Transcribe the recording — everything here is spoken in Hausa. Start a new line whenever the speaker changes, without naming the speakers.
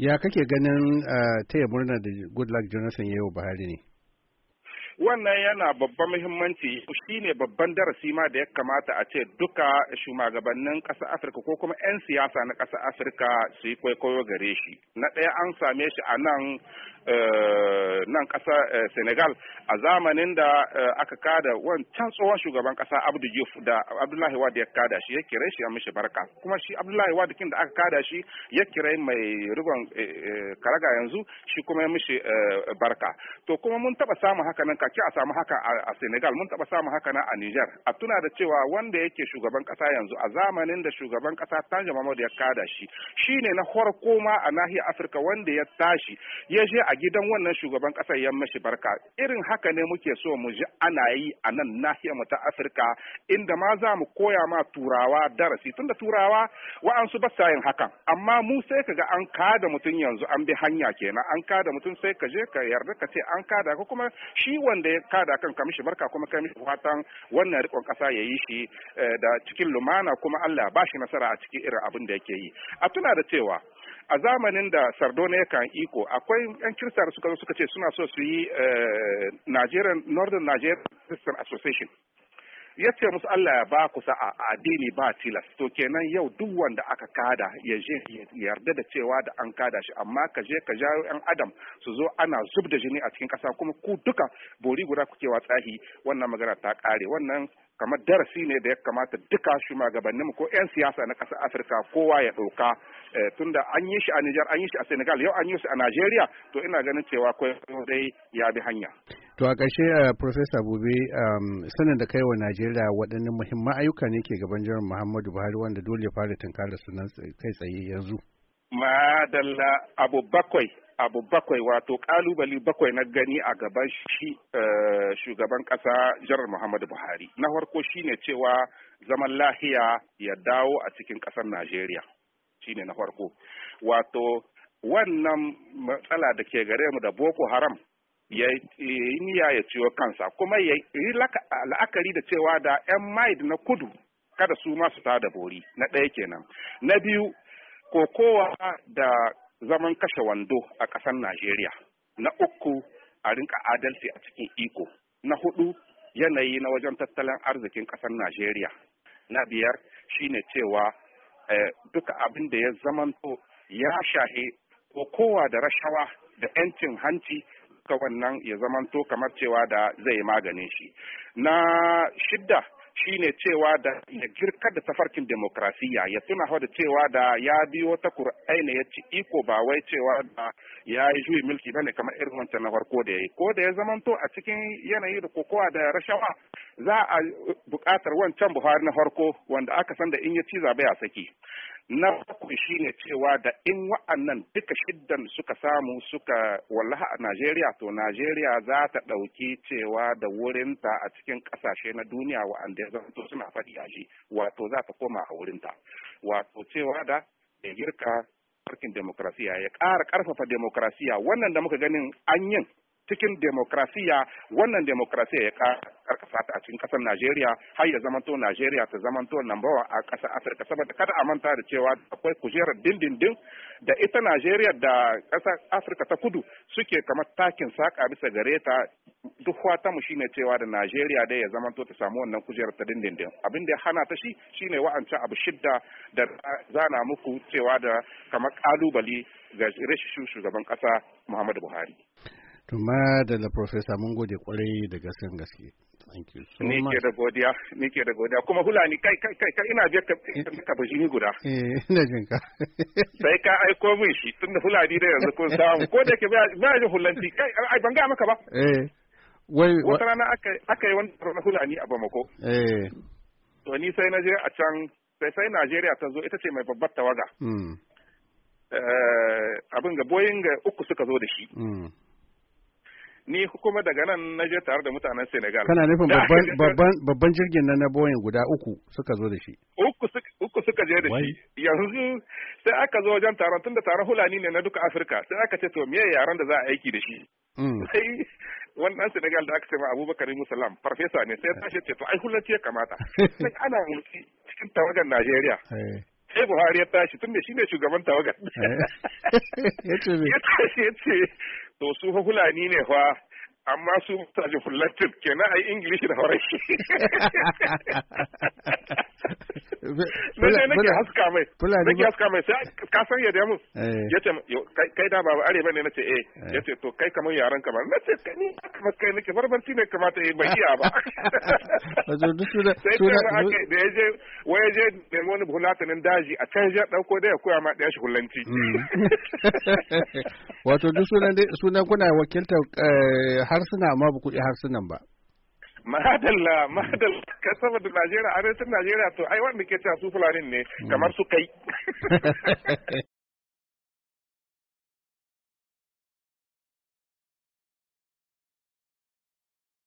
ya kake ganin eh, taya murna da goodluck jonathan yau buhari ne
wannan yana babban muhimmanci shi ne babban darasi ma da ya kamata a ce duka shugabannin ƙasar afirka ko kuma 'yan siyasa na ƙasar afirka su yi kwaikwayo gare shi na ɗaya an same shi a nan Eh, nan ƙasa eh, Senegal a zamanin da eh, aka kada wancan tsohon shugaban ƙasa Abdou da Abdullahi Wade ya kada shi ya kira shi ya mishi barka kuma shi Abdullahi Wade kin da aka kada shi ya kira mai rigon karaga yanzu shi kuma ya mishi barka to kuma mun taba samu haka nan kake a samu haka a Senegal mun taba samu haka nan a Niger a tuna da cewa wanda yake shugaban ƙasa yanzu a zamanin da shugaban ƙasa Tanja Mamadu ya kada shi shi ne na farko ma a nahiyar Afirka wanda ya tashi ya je a gidan wannan shugaban ƙasa yammashi barka irin haka ne muke so mu ji ana yi a nan nahiyar mu ta Afirka inda ma za mu koya ma turawa darasi tunda turawa wa'ansu ba sa yin hakan amma mu sai kaga an kada mutum yanzu an bi hanya kenan an kada mutum sai ka je ka yarda ka ce an kada ko kuma shi wanda ya kada kan ka mishi barka kuma kai mishi fatan wannan rikon kasa ya yi shi eh, da cikin lumana kuma Allah ba shi nasara a cikin irin abin da yake yi a tuna da cewa a zamanin da Sardone kan iko akwai 'yan kirista suka zo suka ce suna so su yi eh, Nigerian Northern Nigerian Christian Association ya ce musu Allah ya ba ku sa'a addini ba tilas to kenan yau duk wanda aka kada ya je yarda da cewa da an kada shi amma ka je ka jawo yan adam su zo ana zub da jini a cikin kasa kuma ku duka bori guda kuke tsahi wannan magana ta kare wannan kamar darasi ne da ya kamata duka shugabannin ko 'yan siyasa na kasar afirka kowa ya ɗauka eh, tunda an yi shi a Niger an yi shi a senegal yau an yi shi a najeriya to ina ganin cewa ko dai ya bi hanya
To a ƙarshe eh, Profesa bobe um, sanin da kai wa Najeriya waɗanne muhimman ayyuka ne ke gaban jiran Muhammadu Buhari wanda dole fara tunkarar sunan kai tsaye yanzu.
Madalla abu bakwai abu bakwai wato kalubali bakwai na gani a gaban shi eh, shugaban kasa jiran muhammadu buhari na farko shine cewa zaman lahiya ya dawo a cikin ƙasar najeriya shine na farko wato wannan matsala da ke gare mu da boko haram ya niyya ya ciwo kansa kuma ya yi la'akari da cewa da 'yan maid na kudu kada su masu ta da bori na ɗaya kenan na biyu kokowa da zaman kashe wando a ƙasar najeriya na uku a rinka adalci a cikin iko na hudu yanayi na wajen tattalin arzikin ƙasar najeriya na biyar shine cewa eh, duka abin da ya zamanto ya shahe kokowa da rashawa da 'yancin hanci duka wannan ya zamanto kamar cewa da zai maganin shi na shidda shine cewa da ya girka da tafarkin demokrasiya ya tuna da cewa da ya biyo ta kur'ai ne ya ci iko ba wai cewa da ya yi juyi milki bane kamar irin wancan na farko da ya yi ko da ya zamanto a cikin yanayi da kokowa da rashawa za a buƙatar wancan buhari na farko wanda aka san da in ya ci zaɓe a saki na shi shine cewa da in wa'annan duka shiddan suka samu suka wallaha a Najeriya to Najeriya za ta ɗauki cewa da wurinta a cikin ƙasashe na duniya wa'anda ya zanto suna faɗi a shi wato za ta koma a wurinta wato cewa da ya girka farkin demokrasiya ya ƙara ƙarfafa demokrasiya wannan da muka ganin an yin cikin demokrasiya wannan demokrasiya ya ƙara sata a cikin kasar Najeriya har ya zamanto Najeriya ta zamanto lambawa a kasar Afirka saboda kada a manta da cewa akwai kujerar dindindin da ita Najeriya da kasar Afirka ta kudu suke kamar takin saka bisa gare duk duk mu shine cewa da Najeriya dai ya zamanto ta samu wannan kujerar ta dindindin abin da ya hana ta shi shine wa'ancan abu shidda da zana muku cewa da kamar kalubali ga rashin shugaban kasa Muhammadu Buhari
Tuma da la Profesa mun gode kwarai da gasken gaske. Thank you so much. Ni da
godiya, ni da godiya. Kuma Hulani kai kai kai kai ina je ka eh, eh. ka bajini guda.
Eh ina jin ka.
Sai ka aiko min shi tunda Hulani da yanzu kun samu ko da ke ba ji hulanci kai ai ban ga maka ba.
Eh. Wai wata
rana aka aka yi wani Hulani a Bamako. Eh. To ni sai na je a can sai sai Najeriya ta zo ita ce mai babbar tawaga. Mm. abin ga boyin ga uku suka zo da shi. Hmm. ni kuma daga nan na je tare da mutanen Senegal. Kana nufin
babban jirgin na na Boeing guda uku suka zo da shi.
Uku suka je da shi. Yanzu sai aka zo wajen taron tun da taron Hulani ne na duka Afirka sai aka ce to me yaran da za a aiki da shi. Hmm. Sai wani ɗan Senegal da aka ce ma Abubakar Salam farfesa ne sai ta ce to ai hulanci ya kamata. Sai ana mulki cikin tawagar Najeriya. Eh. sai Buhari ya tashi da shi ne shugaban tawagar. Eh. Ya ce to su fulani ne fa amma su mutaje fulatin kenan a yi ingilishi da farashi.
nake haska
mai nake haska mai sai ka san ya da mun yace kai da baba arewa ne nace eh yace to kai kamar yaran ka ba nace kai ni kamar kai nake barbarci ne kamata yi bai iya ba
wato duk su da su da da
yaje waye je da wani bulatanin daji a can ya dauko da ya koya ma da shi hullanci
wato duk sunan sunan kuna wakiltar eh, harsuna amma ba ku harsunan ba
madalla madalla ka da Najeriya arewacin Najeriya to ai wanda ke cewa su Fulani ne kamar su
kai